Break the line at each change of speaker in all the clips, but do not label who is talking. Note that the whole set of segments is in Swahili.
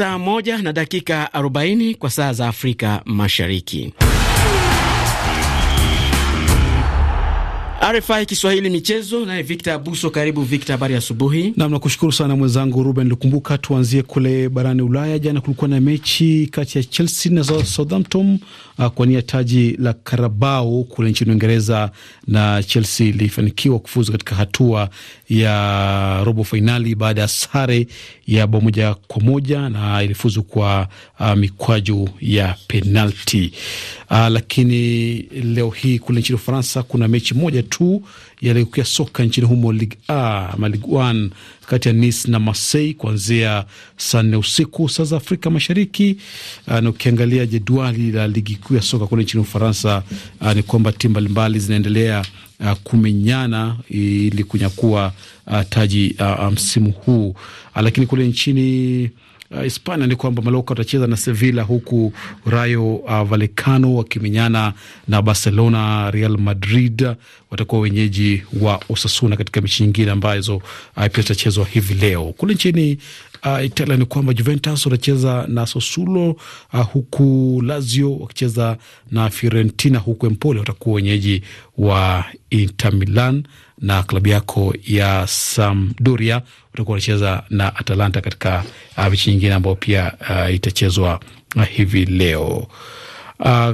saa moja na dakika 40 kwa saa za Afrika Mashariki. RFI Kiswahili michezo, naye Victor Abuso. Karibu Victor, habari ya asubuhi.
Nam, nakushukuru sana mwenzangu Ruben Lukumbuka. Tuanzie kule barani Ulaya. Jana kulikuwa na mechi kati ya Chelsea na Southampton uh, kwa nia taji la Carabao kule nchini Uingereza, na Chelsea ilifanikiwa kufuzu katika hatua ya robo fainali baada ya sare ya bao moja kwa moja na ilifuzu kwa uh, mikwaju ya penalti uh, lakini leo hii kule nchini Ufaransa kuna mechi moja tu tatu yaliyokuwa soka nchini humo Ligue A ama Ligue 1 kati ya Nice na Marseille kuanzia saa nne usiku saa za Afrika Mashariki. Ah, na ukiangalia jedwali la ligi kuu ya soka kule nchini Ufaransa ah, ni kwamba timu mbalimbali zinaendelea Uh, kumenyana ili kunyakua uh, taji uh, msimu um, huu uh, lakini kule nchini Uh, Hispania uh, ni kwamba maloka watacheza na Sevilla, huku Rayo uh, Vallecano wakimenyana na Barcelona. Real Madrid watakuwa wenyeji wa Osasuna katika mechi nyingine ambazo uh, pia zitachezwa hivi leo. Kule nchini uh, Italia ni kwamba Juventus wanacheza na sosulo uh, ah, huku Lazio wakicheza na Fiorentina, huku Empoli watakuwa wenyeji wa Inter Milan na klabu yako ya Sampdoria watakuwa wanacheza na Atalanta katika uh, mechi nyingine ambayo pia uh, itachezwa uh, hivi leo. Uh,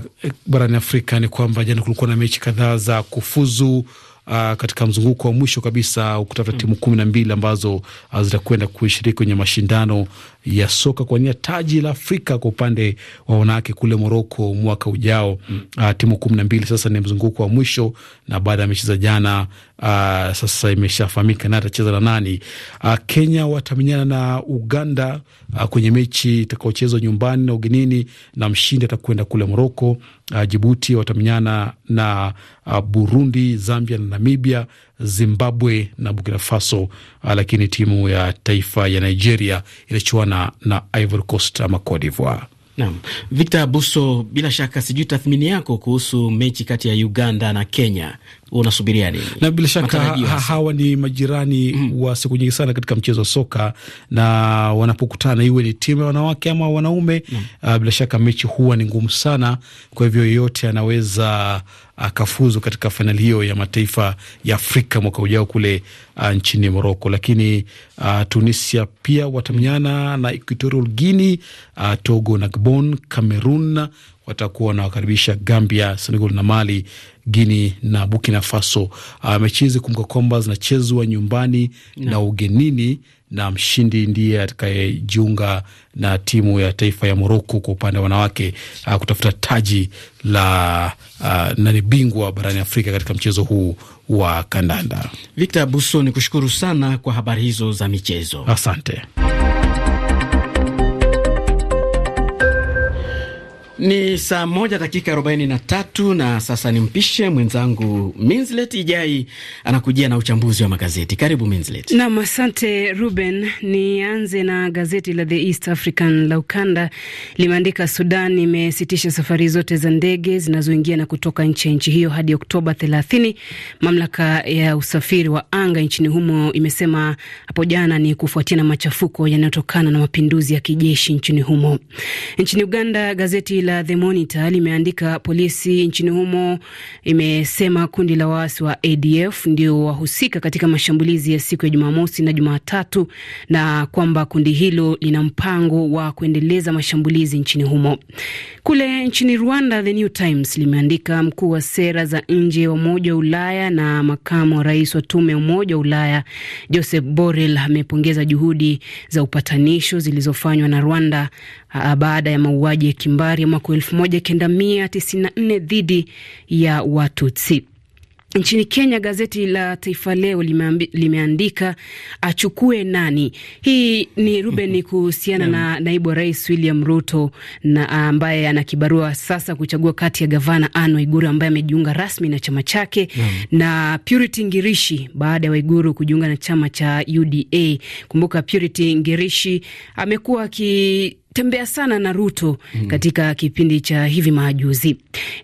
barani Afrika ni kwamba jana kulikuwa na mechi kadhaa za kufuzu uh, katika mzunguko wa mwisho kabisa kutafuta mm. timu kumi na mbili ambazo uh, zitakwenda kushiriki kwenye mashindano ya soka kwa nia taji la Afrika kwa upande wa wanawake kule Moroko mwaka ujao. Mm. Uh, timu kumi na mbili sasa ni mzunguko wa mwisho, na baada ya mechi za jana uh, sasa imeshafahamika naye atacheza na nani. Uh, Kenya watamenyana na Uganda uh, kwenye mechi itakaochezwa nyumbani na ugenini, na mshindi atakwenda kule Moroko. Uh, Jibuti watamenyana na uh, Burundi, Zambia na Namibia, Zimbabwe na Burkina Faso. Uh, lakini timu ya taifa ya Nigeria inachuana na Ivory Coast ama Cote d'Ivoire.
Naam, Victor Buso, bila shaka sijui tathmini yako kuhusu mechi kati ya Uganda na Kenya unasubiria nini?
Na bila shaka ha, hawa ni majirani mm, wa siku nyingi sana katika mchezo wa soka, na wanapokutana iwe ni timu ya wanawake ama wanaume mm, uh, bila shaka mechi huwa ni ngumu sana. Kwa hivyo yeyote anaweza akafuzu katika fainali hiyo ya mataifa ya Afrika mwaka ujao kule uh, nchini Moroko. Lakini uh, Tunisia pia watamenyana na Equatorial Guinea, uh, Togo na Gabon, Cameroon watakuwa wanawakaribisha Gambia, Senegal na Mali, Guini na Burkina Faso. Uh, mechi hizi kumbuka kwamba zinachezwa nyumbani na, na ugenini na mshindi ndiye atakayejiunga na timu ya taifa ya Moroko kwa upande wa wanawake uh, kutafuta taji la uh, nani bingwa barani Afrika katika mchezo huu wa kandanda. Victor Buso, ni
kushukuru sana kwa habari hizo za michezo, asante. Ni saa moja dakika arobaini na tatu na sasa nimpishe mwenzangu Minslet Ijai anakujia na uchambuzi wa magazeti. Karibu Minslet.
Nam, asante Ruben. Nianze na gazeti la The East African la ukanda, limeandika Sudan imesitisha safari zote za ndege zinazoingia na kutoka nchi ya nchi hiyo hadi Oktoba 30. Mamlaka ya usafiri wa anga nchini humo imesema hapo jana, ni kufuatia na machafuko yanayotokana na mapinduzi ya kijeshi nchini humo. Nchini Uganda, gazeti la The Monitor limeandika polisi nchini humo imesema kundi la waasi wa ADF ndio wahusika katika mashambulizi ya siku ya Jumamosi na Jumatatu na kwamba kundi hilo lina mpango wa kuendeleza mashambulizi nchini humo. Kule nchini Rwanda, The New Times limeandika mkuu wa sera za nje wa Umoja wa Ulaya na makamu wa rais wa tume ya Umoja wa Ulaya Joseph Borrell amepongeza juhudi za upatanisho zilizofanywa na Rwanda Ah, baada ya mauaji ya kimbari ya mwaka elfu moja kenda mia tisini na nne dhidi ya Watutsi. Nchini Kenya, gazeti la Taifa Leo limeandika achukue nani. Hii ni Ruben kuhusiana na naibu wa rais William Ruto na ah, ambaye ana kibarua sasa kuchagua kati ya gavana Anne Waiguru ambaye amejiunga rasmi na chama chake na Purity Ngirishi baada ya Waiguru kujiunga na chama cha UDA. Kumbuka Purity Ngirishi amekuwa aki tembea sana na Ruto mm. katika kipindi cha hivi majuzi.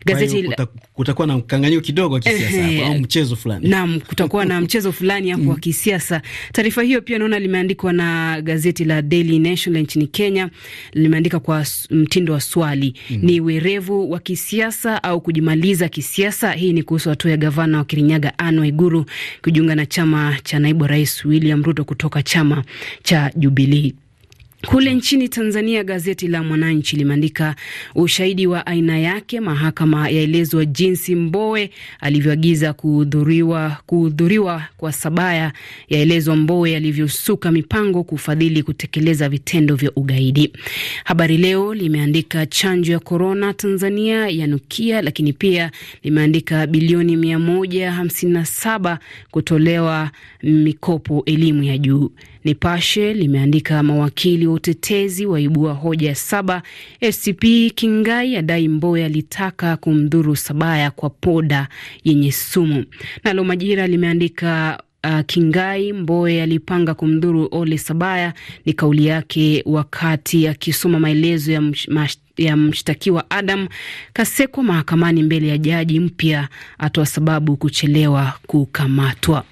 Gazeti kuta,
kutakuwa na mkanganyo kidogo wa kisiasa hapo au mchezo fulani.
Naam, kutakuwa na mchezo fulani hapo wa hmm. kisiasa. Taarifa hiyo pia naona limeandikwa na gazeti la Daily Nation nchini Kenya, limeandika kwa mtindo wa swali mm. ni werevu wa kisiasa au kujimaliza kisiasa? Hii ni kuhusu hatua ya gavana wa Kirinyaga Anne Waiguru kujiunga na chama cha naibu rais William Ruto kutoka chama cha Jubilee. Kule nchini Tanzania, gazeti la Mwananchi limeandika ushahidi wa aina yake, mahakama yaelezwa jinsi Mbowe alivyoagiza kuhudhuriwa kuhudhuriwa kwa Sabaya, yaelezwa Mbowe alivyosuka mipango kufadhili kutekeleza vitendo vya ugaidi. Habari Leo limeandika chanjo ya korona Tanzania yanukia, lakini pia limeandika bilioni 157 kutolewa mikopo elimu ya juu. Nipashe limeandika mawakili utetezi waibua hoja saba. SCP Kingai adai Mboya alitaka kumdhuru Sabaya kwa poda yenye sumu. Nalo Majira limeandika Uh, Kingai mboe alipanga kumdhuru Ole Sabaya ni kauli yake wakati akisoma ya maelezo ya, msh, mash, ya mshtakiwa Adam Kasekwa mahakamani mbele ya jaji mpya atoa sababu kuchelewa kukamatwa.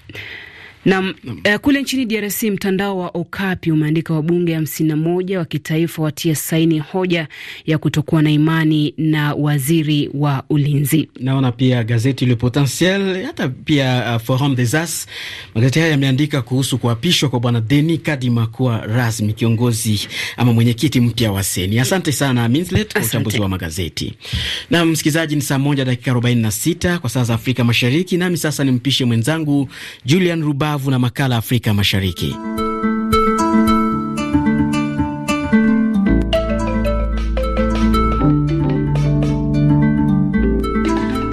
Na, uh, kule nchini DRC mtandao wa Okapi umeandika wabunge hamsini na moja wa kitaifa watia saini hoja ya kutokuwa na imani na waziri wa ulinzi. Naona pia gazeti
Le Potentiel hata pia uh, Forum des
As, magazeti haya
yameandika kuhusu kuapishwa kwa bwana Denis Kadima kuwa rasmi kiongozi ama mwenyekiti mpya wa seni. Asante sana Minslet kwa uchambuzi wa magazeti. Na msikilizaji, ni saa moja dakika arobaini na sita kwa saa za Afrika Mashariki, nami sasa nimpishe mwenzangu Julian Ruba kavu na makala Afrika Mashariki.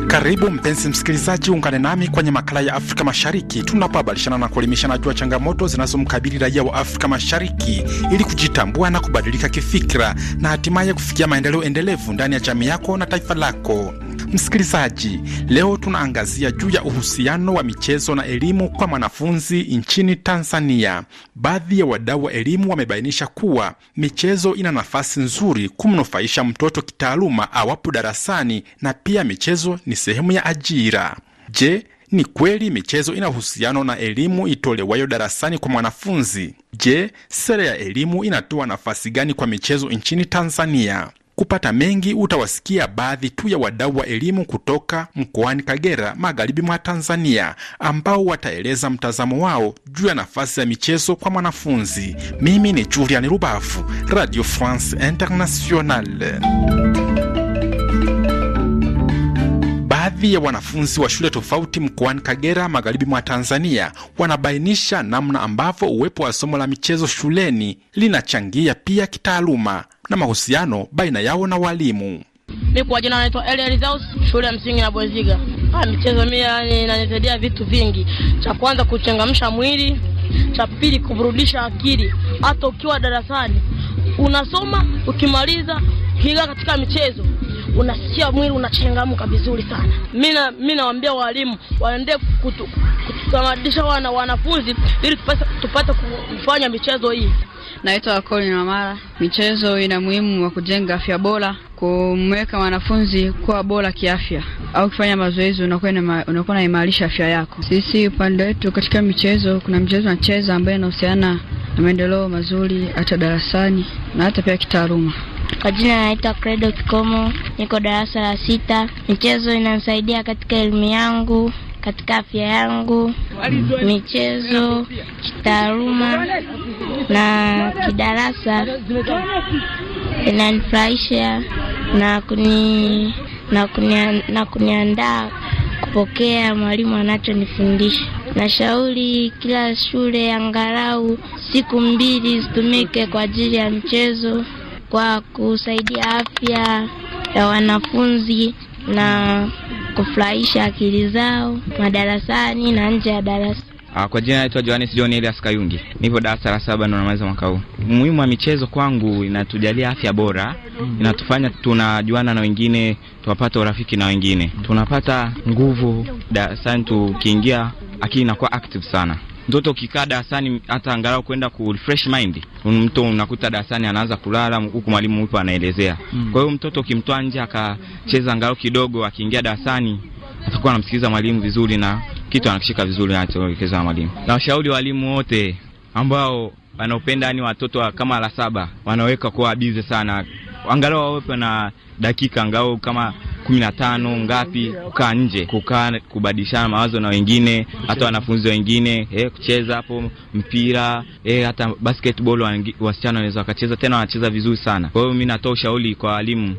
Karibu mpenzi msikilizaji, ungane nami kwenye makala ya Afrika Mashariki tunapohabarishana na kuelimishana juu ya changamoto zinazomkabili raia wa Afrika Mashariki ili kujitambua na kubadilika kifikira na hatimaye kufikia maendeleo endelevu ndani ya jamii yako na taifa lako. Msikilizaji, leo tunaangazia juu ya uhusiano wa michezo na elimu kwa mwanafunzi nchini Tanzania. Baadhi ya wadau wa elimu wamebainisha kuwa michezo ina nafasi nzuri kumnufaisha mtoto kitaaluma awapo darasani na pia michezo ni sehemu ya ajira. Je, ni kweli michezo ina uhusiano na elimu itolewayo darasani kwa mwanafunzi? Je, sera ya elimu inatoa nafasi gani kwa michezo nchini Tanzania? Kupata mengi, utawasikia baadhi tu ya wadau wa elimu kutoka mkoani Kagera, magharibi mwa Tanzania, ambao wataeleza mtazamo wao juu ya nafasi ya michezo kwa mwanafunzi. Mimi ni Julian rubafu Radio France Internationale. Baadhi ya wanafunzi wa shule tofauti mkoani Kagera, magharibi mwa Tanzania, wanabainisha namna ambavyo uwepo wa somo la michezo shuleni linachangia pia kitaaluma na mahusiano baina yao na walimu.
Mi kwa jina naitwa Elielizaus, shule ya msingi na Bweziga. Ah, michezo mi inanisaidia vitu vingi, cha kwanza kuchangamsha mwili, cha pili kuburudisha akili. Hata ukiwa darasani unasoma, ukimaliza kiingia katika michezo unasikia mwili unachangamka vizuri sana. Mi nawaambia walimu waende kutamadisha wana wanafunzi ili tupate kufanya michezo hii. Naitwa Colin Wamara. Michezo ina muhimu wa kujenga afya bora, kumweka mwanafunzi kuwa bora kiafya, au kufanya mazoezi unakuwa unaimarisha afya yako. Sisi upande wetu katika michezo, kuna mchezo nacheza ambayo inahusiana na maendeleo mazuri hata darasani na hata pia kitaaluma. Kwa jina naitwa Credo Kikomo, niko darasa la sita. Michezo inanisaidia katika elimu yangu katika afya yangu, michezo, kitaaluma
na kidarasa.
Inanifurahisha na kuni na kunia, na kuniandaa kupokea mwalimu anachonifundisha. Nashauri kila shule angalau siku mbili zitumike kwa ajili ya michezo kwa kusaidia afya ya wanafunzi na kufurahisha akili zao madarasani na nje ya darasa.
Ah, kwa jina naitwa Johannes John Elias Kayungi, nipo darasa la saba, ndo namaliza mwaka huu. Umuhimu wa michezo kwangu, inatujalia afya bora, inatufanya tunajuana na wengine, tunapata urafiki na wengine, tunapata nguvu darasani, tukiingia akili inakuwa active sana mtoto ukikaa darasani hata angalau kwenda ku refresh mind, mtu unakuta darasani anaanza kulala huku mwalimu yupo anaelezea. Mm. Kwa hiyo mtoto ukimtoa nje akacheza angalau kidogo, akiingia darasani atakuwa anamsikiliza mwalimu vizuri na kitu anakishika vizuri anachoelekeza na mwalimu. Na washauri walimu wote ambao wanaopenda yani watoto kama la saba wanaweka kuwa bize sana, angalau wawepe na dakika angalau kama kumi na tano ngapi, kukaa nje, kukaa kubadilishana mawazo na wengine, hata wanafunzi wengine eh, kucheza hapo mpira eh, hata basketball wasichana wanaweza wakacheza, tena wanacheza vizuri sana. Kwa hiyo mi natoa ushauri kwa walimu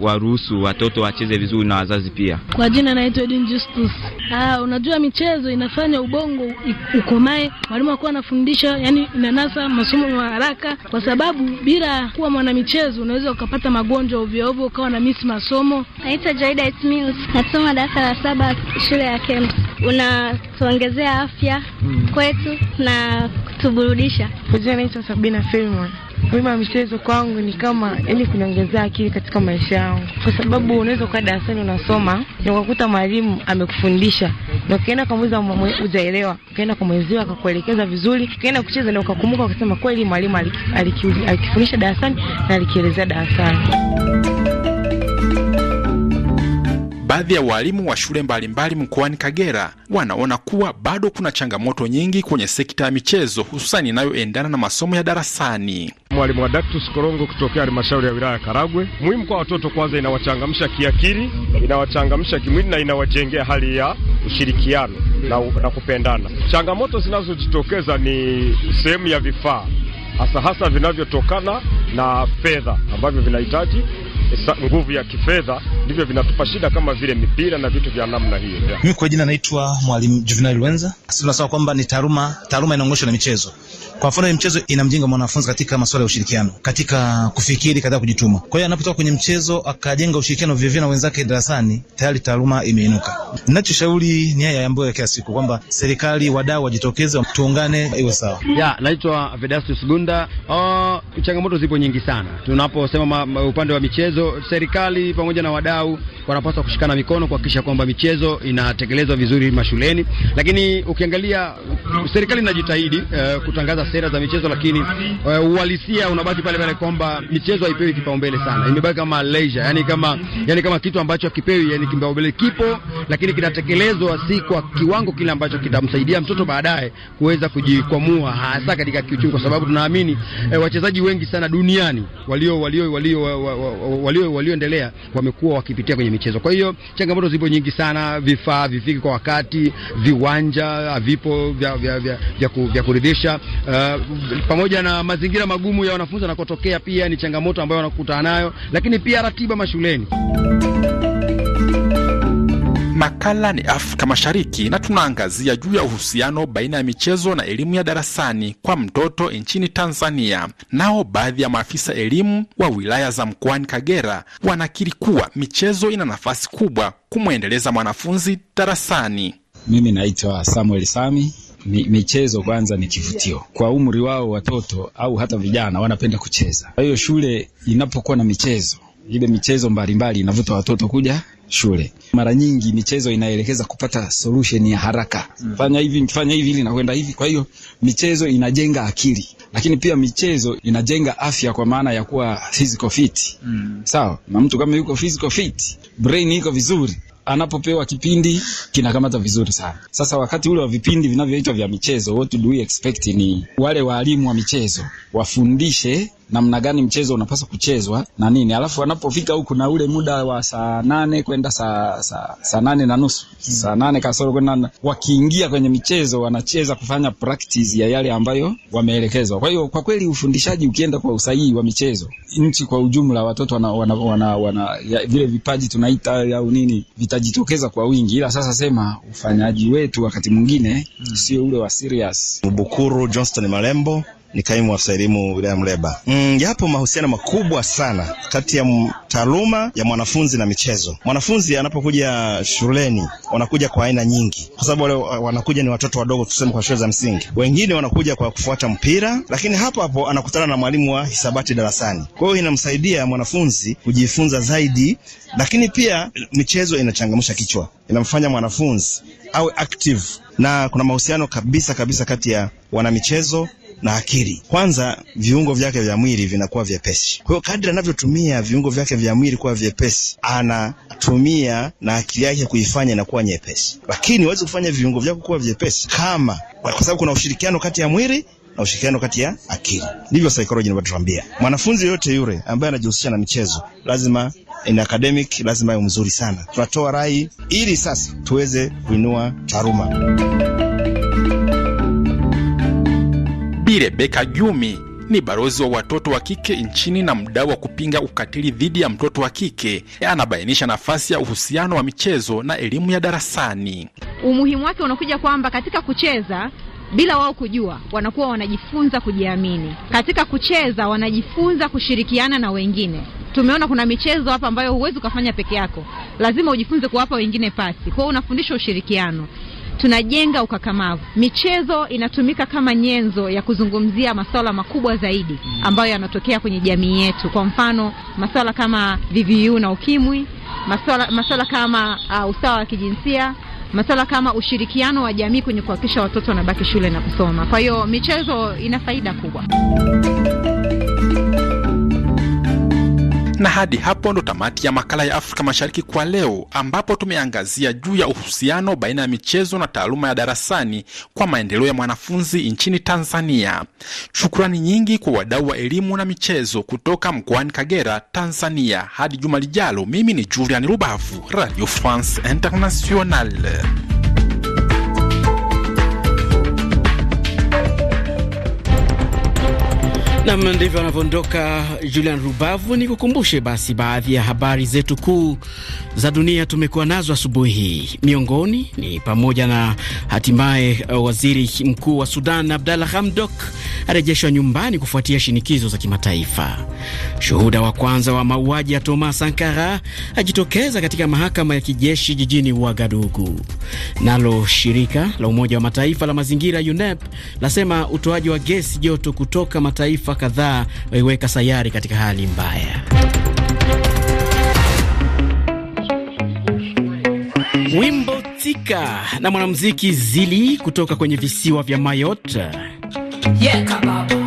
waruhusu watoto wacheze vizuri na wazazi pia.
Kwa jina naitwa Edwin Justus. Ah, unajua michezo inafanya ubongo ukomae, mwalimu akuwa anafundisha, yani inanasa masomo ya haraka, kwa sababu bila kuwa mwanamichezo unaweza ukapata magonjwa ovyo ovyo, ukawa na misi masomo. Naitwa Jaida Smith,
nasoma darasa la saba shule ya Kemp. Unatuongezea afya hmm. kwetu na kutuburudisha. Kwa jina naitwa Sabina Filmon. Mlima michezo kwangu
ni kama ili kuniongezea akili katika maisha yangu, kwa sababu unaweza ukaa darasani unasoma na ukakuta mwalimu amekufundisha na ukaenda kwa mwiza ujaelewa, ukaenda kwa mwenzio akakuelekeza vizuri, ukaenda kucheza na ukakumbuka, ukasema kweli mwalimu alikifundisha darasani
na alikielezea darasani
baadhi ya walimu wa shule mbalimbali mkoani Kagera wanaona kuwa bado kuna changamoto nyingi kwenye sekta ya michezo, hususani inayoendana na masomo ya darasani.
Mwalimu wa Dactus Korongo kutokea halmashauri ya wilaya ya Karagwe. Muhimu kwa watoto kwanza, inawachangamsha kiakili, inawachangamsha kimwili na inawajengea hali ya ushirikiano na, na kupendana. Changamoto zinazojitokeza ni sehemu ya vifaa hasa hasa vinavyotokana na fedha ambavyo vinahitaji nguvu ya kifedha, ndivyo vinatupa shida kama vile mipira na vitu vya namna hiyo. Mimi
kwa jina naitwa Mwalimu Juvenal Lwenza. Sisi tunasema kwamba ni taaluma, taaluma inaongozwa na michezo. Kwa mfano, michezo inamjenga mwanafunzi katika masuala ya ushirikiano, katika kufikiri, katika kujituma. Kwa hiyo anapotoka kwenye mchezo akajenga ushirikiano vivyo na wenzake darasani, tayari taaluma imeinuka. Ninachoshauri ni haya ambayo kila siku kwamba serikali, wadau wajitokeze, tuungane, iwe sawa. Ya, naitwa Vedastus Gunda. Oh, changamoto zipo nyingi sana tunaposema upande wa michezo michezo, serikali pamoja na wadau wanapaswa kushikana mikono kuhakikisha kwamba michezo inatekelezwa vizuri mashuleni. Lakini ukiangalia serikali inajitahidi uh, kutangaza sera za michezo, lakini uh, uhalisia unabaki pale pale kwamba michezo haipewi kipaumbele sana, imebaki kama leisure, yani kama yani kama kitu ambacho hakipewi yani kipaumbele kipo, lakini kinatekelezwa si kwa kiwango kile ambacho kitamsaidia mtoto baadaye kuweza kujikwamua hasa katika kiuchumi, kwa sababu tunaamini eh, wachezaji wengi sana duniani walio walio walio wa, wa, wa, walio walioendelea wamekuwa wakipitia kwenye michezo. Kwa hiyo changamoto zipo nyingi sana, vifaa vifiki kwa wakati, viwanja havipo vya, vya, vya, vya, ku, vya kuridhisha uh, pamoja na mazingira magumu ya wanafunzi wanakotokea, pia ni changamoto ambayo wanakutana nayo, lakini pia ratiba mashuleni
Makala ni Afrika Mashariki na tunaangazia juu ya uhusiano baina ya michezo na elimu ya darasani kwa mtoto nchini Tanzania. Nao baadhi ya maafisa elimu wa wilaya za mkoani Kagera wanakiri kuwa michezo ina nafasi kubwa kumwendeleza mwanafunzi darasani.
Mimi naitwa Samuel Sami. Michezo kwanza ni kivutio kwa umri wao, watoto au hata vijana wanapenda kucheza. Kwa hiyo shule inapokuwa na michezo ile michezo mbalimbali inavuta watoto kuja shule. Mara nyingi michezo inaelekeza kupata solution ya haraka, mm. fanya hivi, fanya hivi ili nakwenda hivi. Kwa hiyo michezo inajenga akili, lakini pia michezo inajenga afya, kwa maana ya kuwa physical fit mm. Sawa na mtu kama yuko physical fit, brain iko vizuri anapopewa kipindi kinakamata vizuri sana. Sasa wakati ule wa vipindi vinavyoitwa vya michezo, what do we expect, ni wale waalimu wa michezo wafundishe namna gani mchezo unapaswa kuchezwa na nini. Alafu wanapofika huku na ule muda wa saa nane kwenda saa, sa, sa nane na nusu hmm. saa nane kasoro kwenda, wakiingia kwenye michezo wanacheza kufanya practice ya yale ambayo wameelekezwa. Kwa hiyo kwa kweli ufundishaji ukienda kwa usahihi wa michezo, nchi kwa ujumla, watoto wana, wana, wana, wana ya, vile vipaji tunaita au nini vitajitokeza kwa wingi, ila sasa sema ufanyaji wetu wakati mwingine hmm. sio ule wa serious.
Bukuru Johnston Malembo ni kaimu afisa elimu wilaya Mleba.
Mm, yapo mahusiano makubwa
sana kati ya taaluma ya mwanafunzi na michezo. Mwanafunzi anapokuja shuleni wanakuja kwa aina nyingi, kwa sababu wale wanakuja ni watoto wadogo, tuseme kwa shule za msingi. Wengine wanakuja kwa kufuata mpira, lakini hapo hapo anakutana na mwalimu wa hisabati darasani. Kwa hiyo inamsaidia mwanafunzi kujifunza zaidi, lakini pia michezo inachangamsha kichwa, inamfanya mwanafunzi awe active, na kuna mahusiano kabisa kabisa kati ya wanamichezo na akili. Kwanza viungo vyake vya mwili vinakuwa vyepesi, kwa hiyo kadri anavyotumia viungo vyake vya mwili kuwa vyepesi, anatumia na akili yake kuifanya inakuwa nyepesi. Lakini huwezi kufanya viungo vyako kuwa vyepesi kama, kwa sababu kuna ushirikiano kati ya mwili na ushirikiano kati ya akili. Ndivyo psychology inavyotuambia. Mwanafunzi yoyote yule ambaye anajihusisha na michezo lazima in academic lazima awe mzuri sana. Tunatoa rai ili sasa tuweze kuinua taaluma.
Bi Rebecca Jumi ni balozi wa watoto wa kike nchini na mdau wa kupinga ukatili dhidi ya mtoto wa kike. Anabainisha nafasi ya uhusiano wa michezo na elimu ya darasani.
Umuhimu wake unakuja kwamba katika kucheza bila wao kujua, wanakuwa wanajifunza kujiamini. Katika kucheza wanajifunza kushirikiana na wengine. Tumeona kuna michezo hapa ambayo huwezi ukafanya peke yako, lazima ujifunze kuwapa wengine pasi. Kwa hiyo unafundisha ushirikiano tunajenga ukakamavu. Michezo inatumika kama nyenzo ya kuzungumzia masuala makubwa zaidi mm. ambayo yanatokea kwenye jamii yetu, kwa mfano masuala kama VVU na ukimwi, masuala masuala kama uh, usawa wa kijinsia masuala kama ushirikiano wa jamii kwenye kuhakikisha watoto wanabaki shule na kusoma. Kwa hiyo michezo ina faida kubwa.
Na hadi hapo ndo tamati ya makala ya Afrika Mashariki kwa leo, ambapo tumeangazia juu ya uhusiano baina ya michezo na taaluma ya darasani kwa maendeleo ya mwanafunzi nchini Tanzania. Shukrani nyingi kwa wadau wa elimu na michezo kutoka mkoani Kagera, Tanzania. Hadi juma lijalo, mimi ni Julian Rubavu, Radio France
Internationale. Nam, ndivyo anavyoondoka Julian Rubavu. Ni kukumbushe basi baadhi ya habari zetu kuu za dunia tumekuwa nazo asubuhi hii. Miongoni ni pamoja na hatimaye uh, waziri mkuu wa Sudan Abdalla Hamdok arejeshwa nyumbani kufuatia shinikizo za kimataifa. Shuhuda wa kwanza wa mauaji ya Thomas Sankara ajitokeza katika mahakama ya kijeshi jijini Wagadugu. Nalo shirika la Umoja wa Mataifa la mazingira UNEP lasema utoaji wa gesi joto kutoka mataifa mataifa kadhaa waiweka sayari katika hali mbaya. Wimbo tika na mwanamuziki Zili kutoka kwenye visiwa vya Mayotte.
Yeah,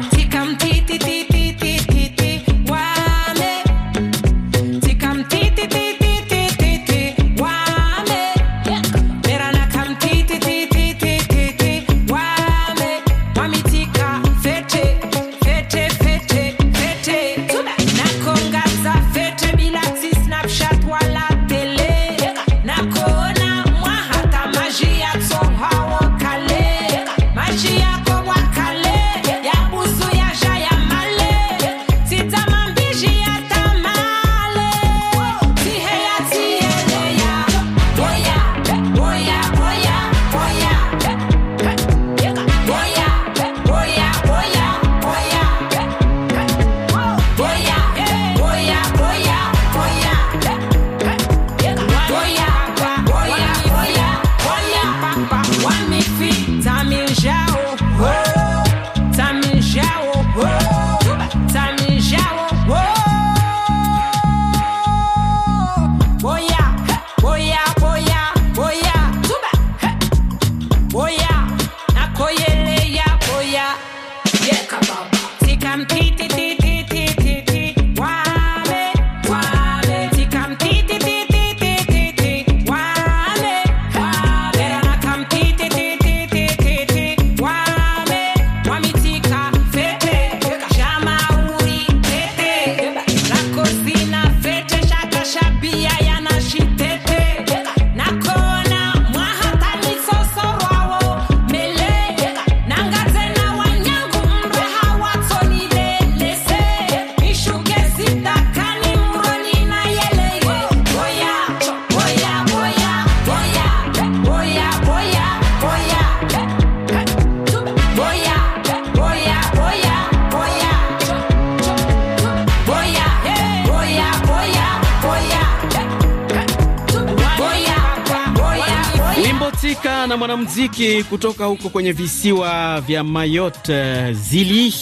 mwanamuziki kutoka huko kwenye visiwa vya Mayotte Zili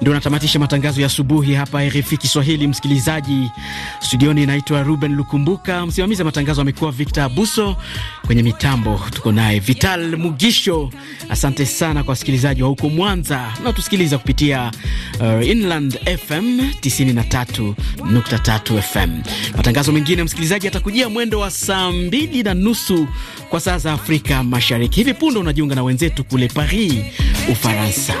ndio natamatisha matangazo ya asubuhi hapa RFI Kiswahili. Msikilizaji studioni, inaitwa Ruben Lukumbuka, msimamizi wa matangazo amekuwa Victor Abuso, kwenye mitambo tuko naye Vital Mugisho. Asante sana kwa wasikilizaji wa huko Mwanza na kupitia uh, Inland FM 93.3 FM. Matangazo mengine msikilizaji atakujia mwendo wa saa mbili na nusu kwa saa za Afrika Mashariki. Mashariki. Hivi punde unajiunga na wenzetu kule Paris, Ufaransa.